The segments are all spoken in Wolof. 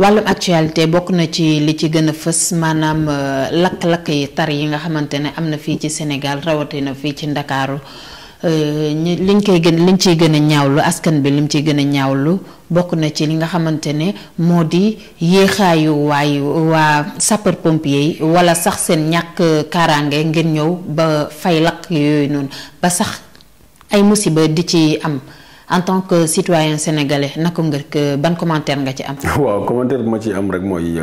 wàllum actualité bokk na ci li ci gën a fës maanaam euh, lakk-lakk yi tar yi nga xamante ne am na fii ci Sénégal rawatina fii ci Ndakaaru euh, liñ koy gën liñ ciy gën a ñaawlu askan bi lim ciy gën a ñaawlu bokk na ci li nga xamante ne moo di yéexaayu waayu waa sapeur pompier yi wala sax seen ñàkk kaaraange ngeen ñëw ba fay lakk yooyu noonu ba sax ay musiba di ci am en tant que citoyen sénégalais nako ngeur ko ban commentaire nga ci am. waaw commentaire bu ma ci am rek moy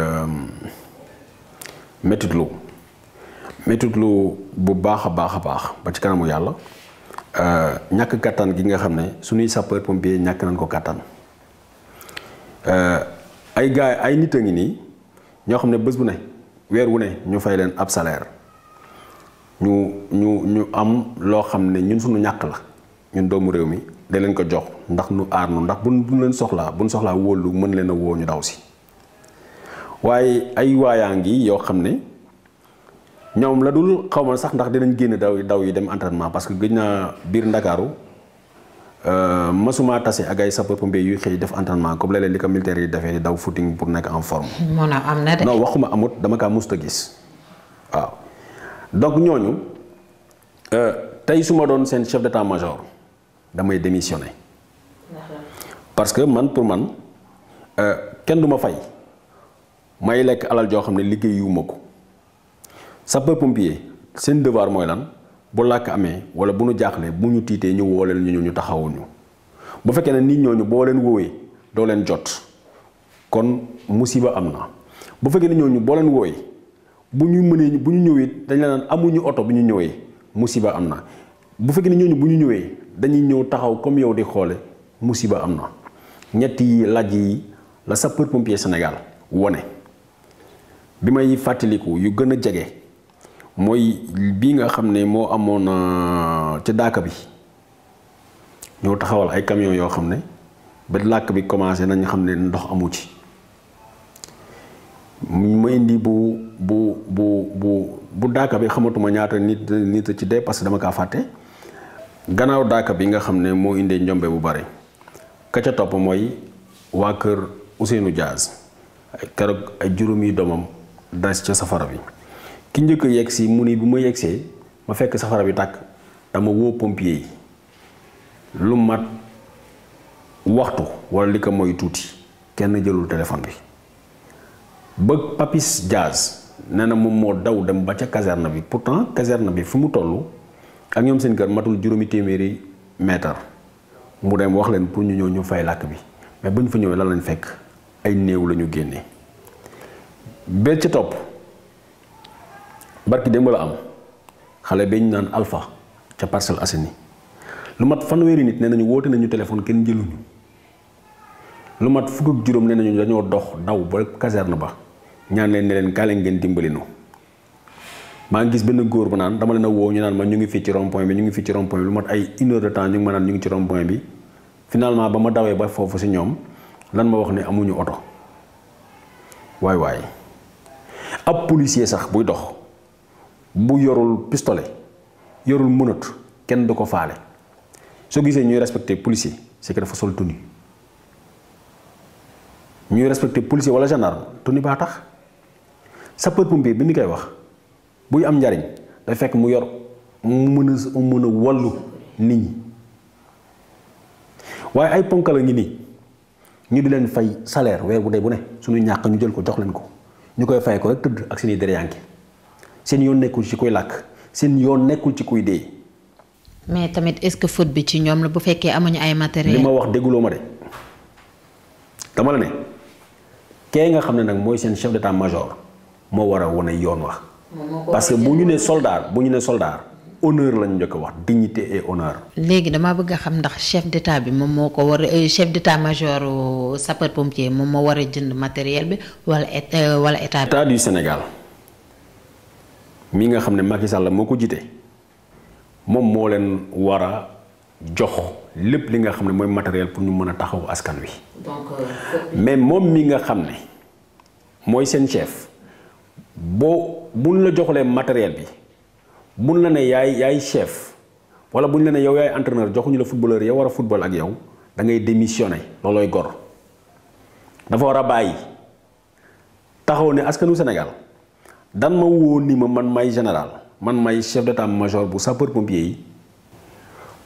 metut métitlu bu baax a baax ba ci kanamu euh ñak katan gi nga xam suñu sapeur pompier ñak nañ ko euh ay gaay ay nit ngi ni ño bëss bu ne wër wu ne ñu fay leen ab salaire ñu ñu ñu am lo xam ñun suñu ñak la ñun doomu de len ko jox ndax nu ar nu ndax buñ len soxla soxlaa buñ soxlaa wóolu mën leen a ñu daw ci waye ay wayangi yo xamne ñom la dul xawma sax ndax dinañ genn daw daw yi dem entraînement parce que gëj bir biir euh masuma tassé ak ay sapeur pompier yu xey def entraînement comme lélé léeg militaire yi defee daw footing pour nek en forme. mona amna dé non waxuma amut dama ka musta gis waaw donc ñooñu euh tay ma doon sen chef d'état major. damay démissionner parce que man pour man euh, kenn du ma fay may lekk alal joo xam ne liggéeyuma ko sapeur pompier seen devoir mooy lan bu làkk amee wala bu ñu jaaxlee bu ñu tiitee ñu woo leen ñu ñu taxawuñu bu fekkee ne nit ñooñu boo leen woowee doo leen jot kon musiba am na bu fekkee ne ñooñu boo leen woowee bu ñu mënee bu ñu ñëwee dañ la amuñu oto bu ñu ñëwee musiba am na bu fekkee ne ñooñu bu ñu ñëwee. dañuy ñëw taxaw comme yow di xoole musiba am na ñetti laaj yi la sapeur pompier Sénégal wone bi may fàttaliku yu gën a jege mooy bi nga xam ne moo amoon euh, ca daaka bi ñoo taxawal ay camion yoo xam ne ba làkk bi commencé nañ xam ne ndox amu ci ma indi bu bu bu bu bu daaka bi xamatuma ñaata nit nit ci de parce que dama kaa fàtte gannaaw daaka bi nga xam ne moo indee njombe bu bare ka ca topp mooy waa kër Ousseynou Diaz ay keroog ay juróomi doomam das ca safara bi ki njëkk a yegg si mu ni bu ma yeggsee ma fekk safara bi tàkk dama woo pompier yi lu mat waxtu wala li ko moy tuuti kenn jëlul téléphone bi ba Papis Diaz nee na moom moo daw dem ba ca caserne bi pourtant caserne bi fi mu toll ak ñom seen kër matul juroomi téméré mètre mu dem wax leen pour ñu ñoo ñu fay lak bi mais buñ fa ñëwee lan lañ fekk ay néew lañu génné bé ci top barki démb la am xalé ba naan Alpha ci parcel asini. lu mat wéri nit nee nañu woote nañu téléphone kenn jëluñu lu mat fukk ak juróom nañu dañoo dox daw ba caserne ba ñaan leen ne leen kalé ngeen ma ngi gis ben goor bu nan dama leena wo ñu nan ma ñu ngi fi ci rond point bi ñu ngi fi ci rond point bi lu mat ay une heure de temps ñu ngi ma ñu ngi ci rond point bi finalement bama ma ba fofu ci ñom lan ma wax ni amuñu auto way way ab policier sax buy dox bu yorul pistolet yorul mënat ken duko faalé so gisé ñuy respecter policier c'est que dafa sol tenue ñuy respecter policier wala gendarme tenue ba tax sapeur pompier bi ni kay wax buy am njariñ da fekk mu yor mu mën wallu nit ñi waaye ay ponk la ngi nii ñu di leen fay salaire weer bu dee bu ne suñu ñàkk ñu jël ko jox leen ko ñu koy fay ko rek tëdd ak seeni deryanke seen yoon nekkul ci kuy làkk seen yoon nekkul ci kuy dee. mais tamit est-ce que faute bi ci ñoom la bu fekkee amuñu ay matériel li ma wax dégguloo ma de dama la ne kee nga xam ne nag mooy seen chef d'état-major moo war a wane yoon wax parce que bu ñu ne soldat bu ñu soldat honneur lañu njëkk wax dignité et honneur. légui dama bëgg xam ndax chef d'état bi mom moko war euh, chef d'état major sapeur pompier mom mo wara jënd matériel bi wala euh, wala état. état du Sénégal mi nga xam ne Macky Sall moko jité mom mo moo leen war jox lepp li nga xam ne mooy matériel pour ñu mëna taxaw askan wi. donc euh, mais mom mi nga xam ne mooy seen chef. boo buñ la joxulee matériel bi buñ la ne yaay yaay chef wala buñ la ne yow yaay entraîneur joxuñu la footballeur yow war a football ak yow da ngay démissionné loolooy gor dafa war a bàyyi taxaw ne askanu Sénégal dan ma wóor ni ma man may général man may chef d'état-major bu sapeur pompier yi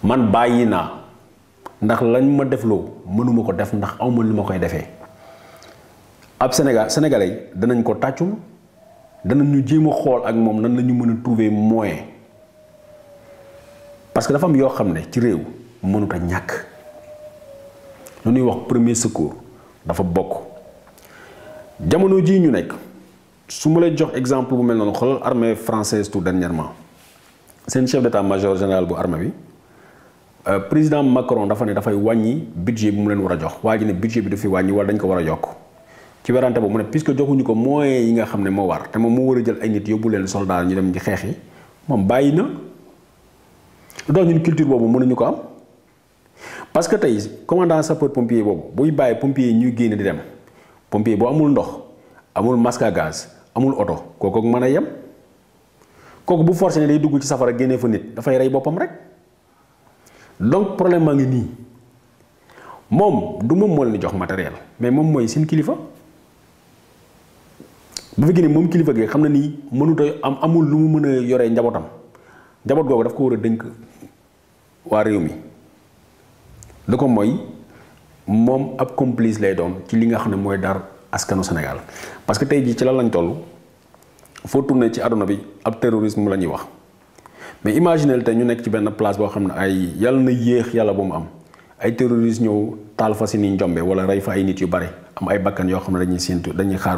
man bàyyi naa ndax lañ ma defloo mënuma ko def ndax awma lu ma koy defee ab Sénégal sénégalais danañ ko tàccu danañu jéem a xool ak moom nan lañu mën a trouver moyen parce que dafa am yoo xam ne ci réew mënut a ñàkk lu ñuy wax premier secours dafa bokk jamono jii ñu nekk su ma lay jox exemple bu mel noonu xoolal armée française tout dernièrement seen chef tam major général bu armée bi euh, président Macron dafa ne dafay wàññi budget bi mu leen war a jox waa ji ne budget bi dafay wàññi wala dañ ko war a yokk. ci werante boobu mu ne puisque joxuñu ko moyens yi nga xam ne moo war te moom mu war a jël ay nit yóbbu leen soldat ñu dem ci xeex yi moom bàyyi na lu tax ñun culture boobu mënuñu ko am parce que tey sa sapeur pompier boobu buy bàyyi pompier ñu génne di dem pompier boo amul ndox amul masque gaz amul oto kooku mën a yem kooku bu forcé ne day dugg ci safara génnee fa nit dafay rey boppam rek donc problème maa ngi nii moom du moom moo leen jox matériel mais moom mooy kilifa. bu fekkee ne mom kilifa gi xamna ni mënut a am amul lu mu mëna yoré njabotam njabot njaboot daf ko wara dënk mi da ko ab complice lay doon ci li nga xamne moy dar askanu Sénégal parce que tay ji ci lan lañ tollu fo tourné ci aduna bi ab terrorisme la wax mais imaginer tay ñu nekk ci benn place bo xamne ay yalla na yalla bu mu am ay terroristes ñew tal fa ci ni wala ray fa ay nit yu bari am ay bakkan yo xamne dañuy sentu dañuy xaar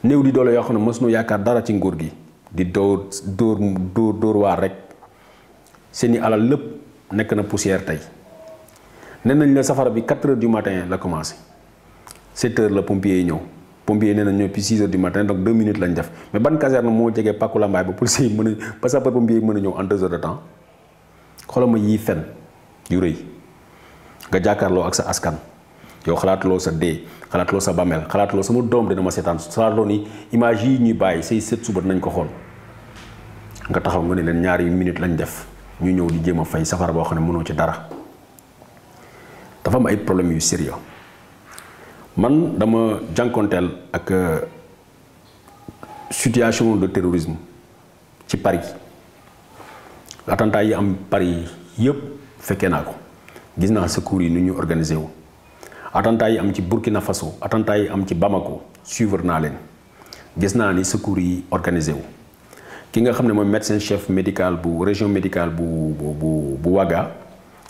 new di dole yoo xam ne mës dara ci ngor gi di dóor dóor dóor dóor waar rek seni alal lepp nek na poussière tay nee nañ la safara bi 4 h du matin la commencer 7 h le pompier ñew pompier yi nee nañ ñëw puis 6 h du matin donc 2 minutes lañ def mais ban caserne moo jege pàkku mbay ba police yi mëna a ba sapeur pompier yi mën a en 2 h de temps xolama yi fenn yu reuy nga jakarlo ak sa askan yo xalat lo sa dé xalaatloo sa bàmmeel xalaatloo sama doom dina ma seetaan xalaatloo ni image yi ñuy bàyyi say sët suba dinañ ko xool nga taxaw nga ne leen ñaari minute lañ def ñu ñëw di jéem a fay safara boo xam ne mënoo ci dara dafa am ay problème yu sérieux man dama jànkonteel ak euh, situation de terrorisme ci Paris attentat yi am par yi yëpp fekkee naa ko gis naa secours yi nu ñu organiser wu attentat yi am ci burkina faso attentat yi am ci bamako suivre na len gis na ni secours yi organisé wu ki nga xamne moy médecin chef médical bu région médicale bu bu bu waga,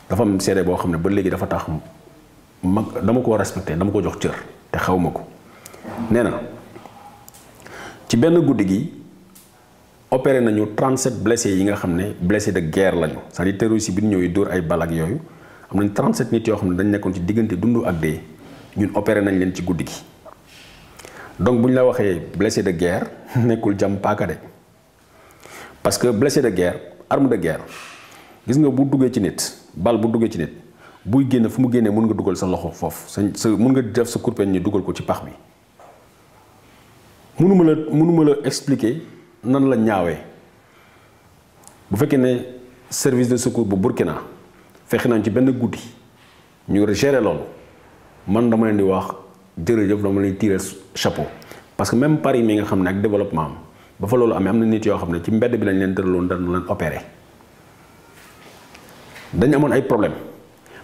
dafa am seede bo xamne ba légui dafa tax dama ko respecter dama ko jox cër te xawmako ma na ci ben goudi opéré nañu 37 blessés yi nga xamné blessés de guerre lañu c'est-à-dire terroriste bi ay balak yoyu am nañ 37 nit yoo xam ne dañ nekkoon ci diggante dund ak dee ñun opéré nañ leen ci guddi gi donc bu ñu la waxee blessé de guerre nekkul jam paaka de parce que blessé de guerre arme de guerre gis nga bu duggee ci nit bal bu duggee ci nit buy génn fu mu génnee mun nga dugal sa loxo foofu sa mun nga def sa kurpeñ ni dugal ko ci pax bi mënuma la mënuma la expliquer nan la ñaawee bu fekkee ne service de secours bu Burkina fexe nañ ci benn goudi ñu gérer loolu man dama leen di wax jëre jëf dama leen tirer chapeau parce que même Paris mi nga xamné ak développement ba fa loolu amé amna nit yo xamné ci mbéd bi lañ leen tëraloon dañ leen opérer dañ amone ay problème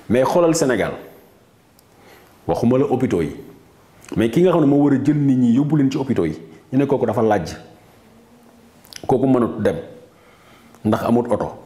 mais xolal Sénégal waxuma la hôpitaux yi mais ki nga xamné mo wara jël nit ñi yobul leen ci hôpitaux yi ñu ne koku dafa laaj koku mënut dem ndax amut auto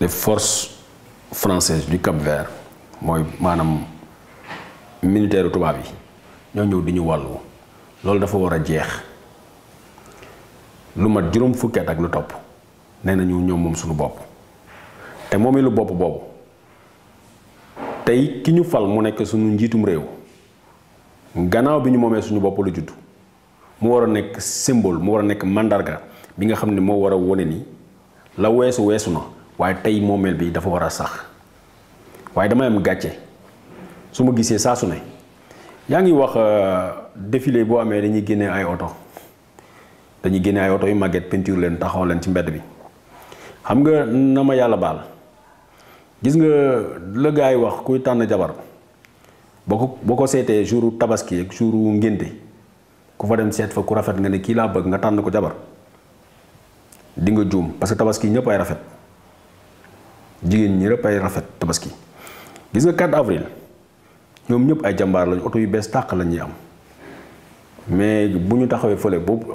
les forces françaises du Cap Vert mooy manam militaire tubaab yi ñoo ñëw di ñu wàllu loolu dafa war a jeex lu mat juróom fukki ak lu topp nee nañu ñoom moom suñu bopp te moom lu bopp boobu tey ki ñu fal mu nekk suñu njiitum réew gannaaw bi ñu suñu bopp lu judd mu war a symbole mu mandarga bi nga xam wone ni la weesu na waaye tey moomeel bi dafa war a sax waaye damay am gàcce su ma gisee saa su ne yaa ngi wax euh, défilé boo amee dañuy génne ay oto dañuy génnee ay oto yu màgget peinture leen taxaw leen ci mbedd bi xam nga na ma yàlla baal gis nga la gars wax kuy tànn jabar boo ko boo ko seetee jouru tabaski ak jouru ngénte ku fa dem seet fa ku rafet nga ne kii laa bëgg nga tànn ko jabar dinga nga juum parce que tabaski ñëpp ay rafet. jigen ñi rëpp ay rafet tabaski gis nga 4 avril ñom ñep ay jambar lañ auto yu bes tak lañ ñi am mais bu ñu taxawee fële boobu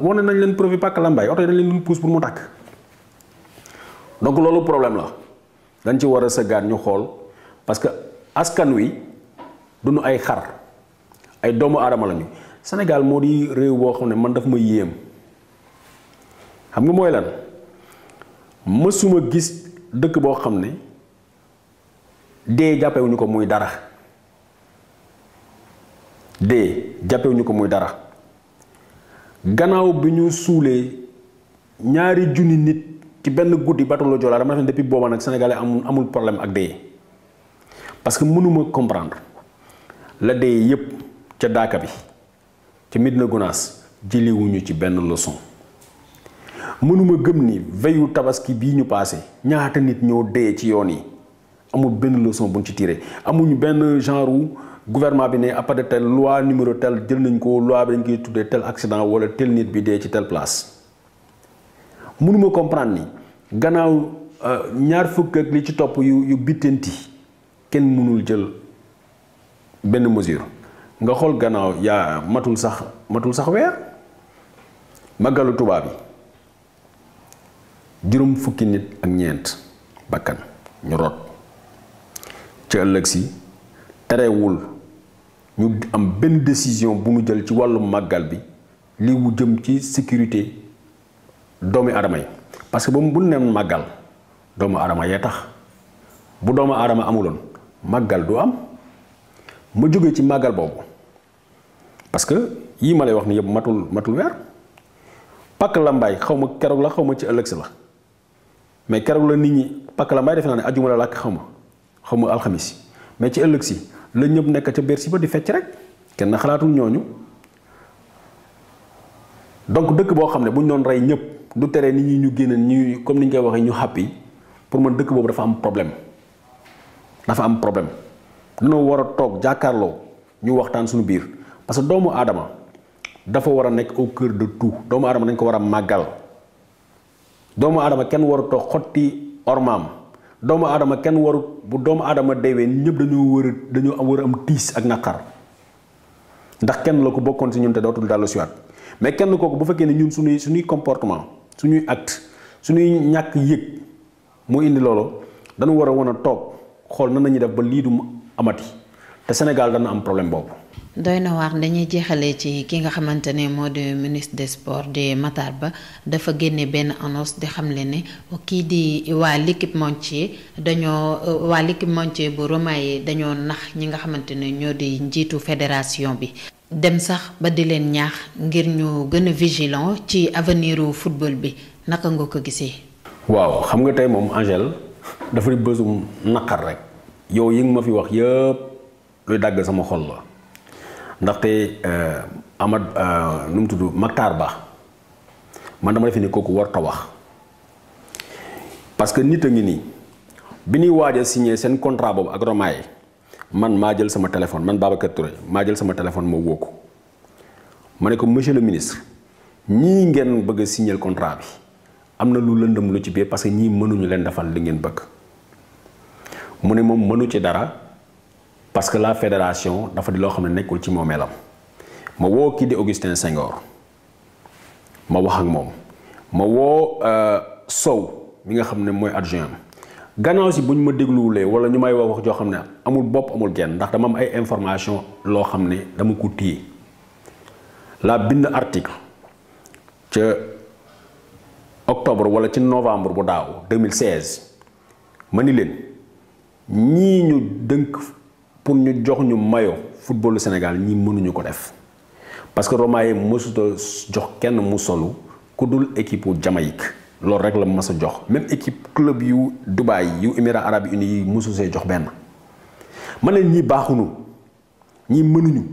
wane nañ leen profi pak lambay auto dañ leen doon pousse pour mu tak donc lolu problème la dañ ci wara sa sëggaat ñu xol parce que askan wi duñu ay xar ay doomu adam lañu Sénégal modi rew réew xamné man daf ma yéem xam nga moy lan mësuma gis dëkk boo xam ne dee jàppewuñu ko muy dara dee jàppewuñu ko muy dara gannaaw bi ñu suulee ñaari junni nit ci benn guddi batalo Joola dama defe ne depuis booba nag sénégalais amul amul problème ak dee parce que mënuma comprendre la dee yépp ca daaka bi ca Medina Gunaas jëliwuñu ci benn leçon mënuma gëm ni veyu tabaski bii ñu paase ñaata nit ñoo dee ci yoon yi amul benn leçon buñ ci tiré amuñu benn genre gouvernement bi ne à part de tel loi numéro tel jël nañ ko loi bi dañ koy tuddee tel accident wala tel nit bi dee ci tel place mënuma comprendre ni gannaaw euh, ñaar fukk ak li ci topp yu yu bittanti kenn mënul jël benn mesure nga xool gannaaw yaa matul sax matul sax weer màggalu tubaab bi juróom fukki nit ak ñeent bakkan ñu root ci ëllëg si terewul ñu am benn décision bu mu jël ci wàllu màggal bi li wu jëm ci sécurité doomi adama yi parce que ba mu bu neen màggal doomu adama yee tax bu doomu adama amuloon màggal du am ma jóge ci màggal boobu parce que yii ma lay wax ni yëpp matul matul weer pàkk lambaay xaw ma keroog la xaw ma ci ëllëg si la mais kéro la nit ñi pak la may def na aljuma la làkk xaw xamu xaw ma mais ci ëlëk si la ñëp nekk ci Bercy ba di fecc rek kenn xalaatu ñooñu donc dëkk bo xamne bu doon rey du téré nit ñi ñu gënë ñi comme ni koy ñu happy pour man dëkk bobu dafa am problème dafa am problème dañu wara tok jakarlo ñu waxtaan suñu biir parce que doomu adama dafa wara nek au cœur de tout doomu adama dañ ko wara magal doomu aadama kenn warut a xotti ormaam doomu aadama kenn warut bu doomu aadama deewee ñëpp dañoo war a dañoo war am tiis ak naqar ndax kenn la ko bokkoon si ñun te dootul dallu siwaat mais kenn kooku bu fekkee ne ñun suñuy suñuy comportement suñuy acte suñuy ñàkk yëg mu indi loolu dañu war a wan a toog xool nan nañu ñuy def ba lii du amati. te Sénégal dana am problème boobu. doy na waar dañuy jeexalee ci ki nga xamante ne moo di ministre de sports di Matar Ba dafa génne benn annonce di xam xamle ne kii di waa l'équipe montier dañoo waa l'équipe montier bu Romaye dañoo nax ñi nga xamante ne ñoo di njiitu fédération bi. dem sax ba di leen ñaax ngir ñu gën a vigilant ci aveniru football bi naka nga ko gisee. waaw xam nga tey moom Angèle dafa di bësum naqar rek yow yi nga ma fi wax yëpp. luy dagg sama xol la euh amad euh num tuddu Maktar Ba man dama defe koku war ta wax parce que nit ngi ni bi ñuy signé contrat bob ak romay man majel jël sama téléphone man Babacar Touré ma jël sama téléphone mo woo mané ko monsieur le ministre ñi ngeen bëgg signer contrat bi amna lu lëndëm lu ci parce que ñi mënuñu leen dafal li ngeen bëgg mune mom mënu ci dara. parce que la fédération dafa di lo xamné ne nekkul ci momelam ma wo ki di Augustin Senghor ma wax ak mom ma wo euh Sow mi nga xamné moy adjoint ganaw si buñ ñu ma dégluwulee wala ñu may wax wax xamné amul bop amul genn ndax dama am ay information lo xamné dama ko tié la bind article ci octobre wala ci novembre bu daaw 2016 ma ñi ñu dënk pour ñu jox ñu mayo footballu Sénégal ñi mënuñu ko def parce que Roma yi mësut a jox kenn mu solu ku dul équipe u Jamaïque loolu rek la mës jox même équipe club yu Dubaï yu Émirats arabes unis yi mësu see jox benn ma leen ñi baaxunu ñi mënuñu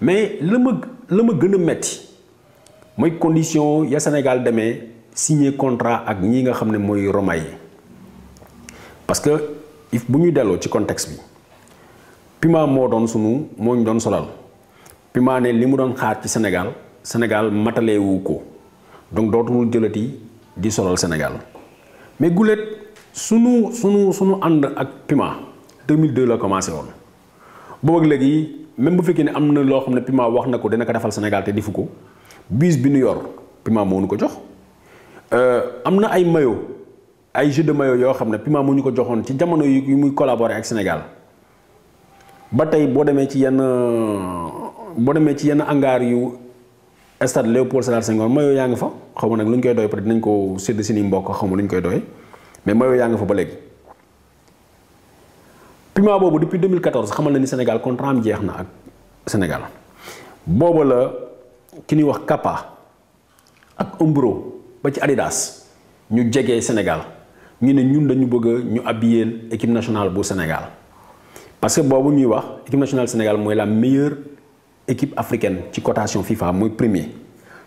mais le ma le ma gën a metti mooy condition ya Sénégal demee signer contrat ak ñi nga xam ne mooy parce que if bu ñuy delloo ci contexte bi Pima mo don sunu mo ngi don solal Pima ne limu don xaar ci senegal matale wu ko donc dootul jëlati di solal Senegal. mais goulet sunu sunu sunu and ak Pima 2002 la commencé won bo ak legui même bu fekkene Amna am xamne Pima wax nako dina ko defal senegal te difuko bis bi nu yor Pima mo nu ko jox euh, am amna ay mayo ay jeu de mayo yo xamne Pima mo ñu ko joxone ci jamono yi muy collaborer ak senegal ba tey boo demee ci yenn boo demee ci yenn hangar yu stade Léopold Sédar Senghor maillot yaa ngi fa xaw ma nag lu koy doy peut-être dinañ ko sédd si ni mbokk xaw ma lu koy doy mais maillot yaa ngi fa ba léegi. Puma boobu depuis 2014 xamal na ni senegal contrat am jeex na ak Sénégal booba la ki nuy wax Kappa ak Umbro ba ci Adidas ñu jege Sénégal ñu ne ñun dañu bëgg ñu habillé équipe nationale bu Sénégal. parce que bobu ñuy wax équipe nationale Sénégal moy la meilleure équipe africaine ci cotation FIFA moy premier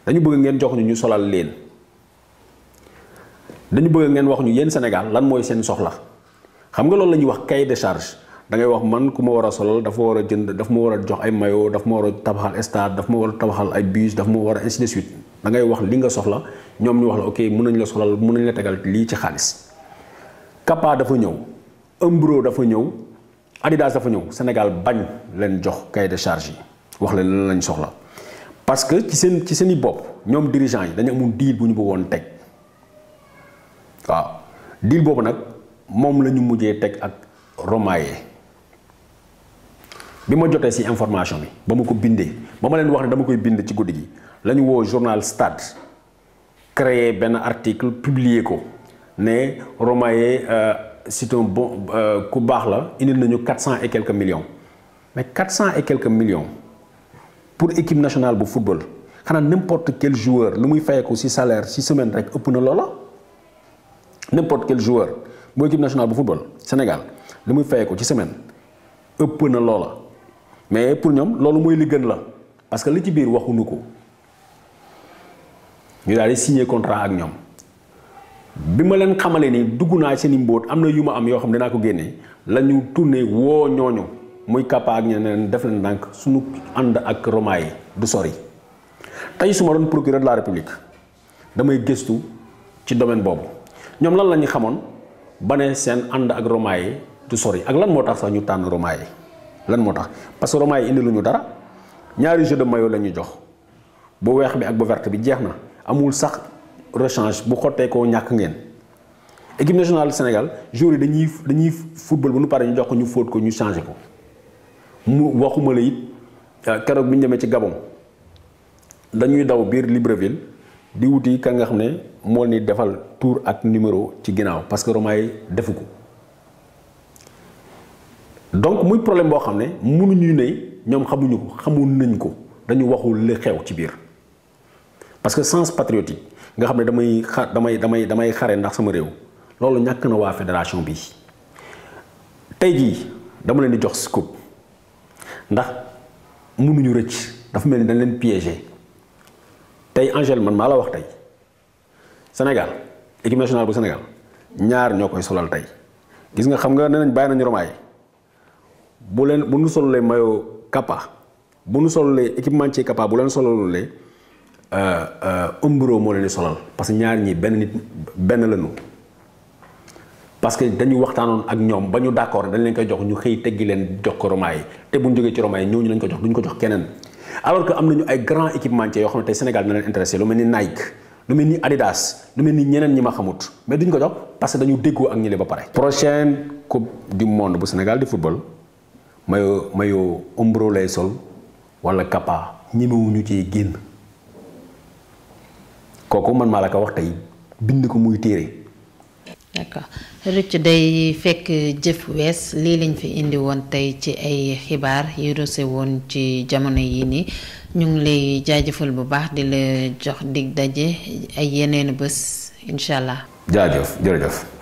dañu bëgg ngeen jox ñu ñu solal leen dañu bëgg ngeen wax ñu yeen Sénégal lan moy seen soxla xam nga loolu la wax cahier de charge da ngay wax man kuma wara war solal dafa wara jënd daf ma wara jox ay mayo daf ma wara tabaxal stade daf ma wara tabaxal ay bus daf ma wara ainsi de suite da ngay wax li nga soxla ñom ñu wax la ok mën nañ la solal mën nañ la tegal li ci xaliss Kapa dafa ñëw Umbro dafa ñëw. Adidas dafa ñëw Sénégal bañ leen jox cahier de charge yi wax leen lañu soxla parce que ci seen ci seen i bopp ñoom dirigeants yi dañu amul deal bu ñu bëggoon teg waaw deal boobu nag moom lañu mujjee teg ak Romaye bi ma jotee si information bi ba ma ko bindee ba ma leen wax ne dama koy bind ci guddi gi la ñu woo journal Stade créer benn article publié ko ne Romaye. c'est un bon euh, ku il la nous nañu 400 et quelques millions mais 400 et quelques millions pour l'équipe nationale de football n'importe quel joueur lu muy fait ci salaire ci semaines rek ëpp na n'importe quel joueur pour équipe nationale de football Sénégal lu muy fayeeku ci semaine ëpp na loola mais pour nous, loolu mooy li gën parce que l'équipe ci biir waxuñu ko ñu signé signer contrat avec nous. bi ma leen xamale ni dugg naa seen i mbóot am na yu ma am yoo xam ne dinaa ko génne la ñu tourné woo ñooñu muy kappa ak ñeneen def leen ndànk suñu ànd ak roma yi du sori tey su ma doon procureur de la république damay gëstu ci domaine boobu ñoom lan la ñu xamoon ba ne seen ànd ak roma yi du sori ak lan moo tax sax ñu tànn roma yi lan moo tax parce que roma yi indi lu ñu dara ñaari jeu de maillot la ñu jox bu weex bi ak bu verte bi jeex na amul sax. rechange bu xottee ko ñak ngeen équipe nationale du Sénégal jour yi dañuy dañuy football bu nu pare ñu jox ko ñu fóot ko ñu changer ko mu waxuma la it euh, keroog bi ñu demee ci Gabon dañuy daw biir Libreville di wuti ka nga xamné mo ni defal tour ak numéro ci ginaaw parce que Romay defuko donc muy problème bo xamné mënu ñu né ñom xamuñu ko xamoon nañ ko dañu waxul li xew ci biir parce que sens patriotique nga xam ne damay xa damay damay damay xare ndax sama réew loolu ñàkk na waa fédération bi tey jii dama leen di jox scoop ndax mënuñu rëcc dafa mel ni dañ leen piégé tey Angèle man maa la wax tey Sénégal équipe nationale bu Sénégal ñaar ñoo koy solal tey gis nga xam nga ne nañ bàyyi nañu romaay bu leen bu nu solulee maillot Kappa bu nu solulee ci Kappa bu leen solulee ëmburoo euh, euh, moo leen di solal parce que ñaar ñi benn nit benn lañu parce que dañu waxtaanoon ak ñoom ba ñu d'accord dañ leen koy jox ñu xëy teggi leen jox ko Roma te bu ñu jógee ci Roma yi ñu lañ ko jox duñ ko jox keneen alors que am ñu ay grand équipementier yoo xam ne tey Sénégal na leen intéressé lu mel ni Nike lu mel ni Adidas lu mel ni ñeneen ñi ma xamut mais duñ ko jox parce que dañu déggoo ak ñële ba pare. prochaine coupe du monde bu Sénégal di football mayo mayo Umbro lay sol wala Kappa ñemewuñu ci génn. kooku man maa la ko wax tey bind ko muy téere d'accord day fekk jëf wees lii lañ fi indi woon tey ci ay xibaar yu rose woon ci jamono yi nii ñu ngi lay jaajëfal bu baax di la jox digg daje ay yeneen bés incha allah. jaajëf jërëjëf.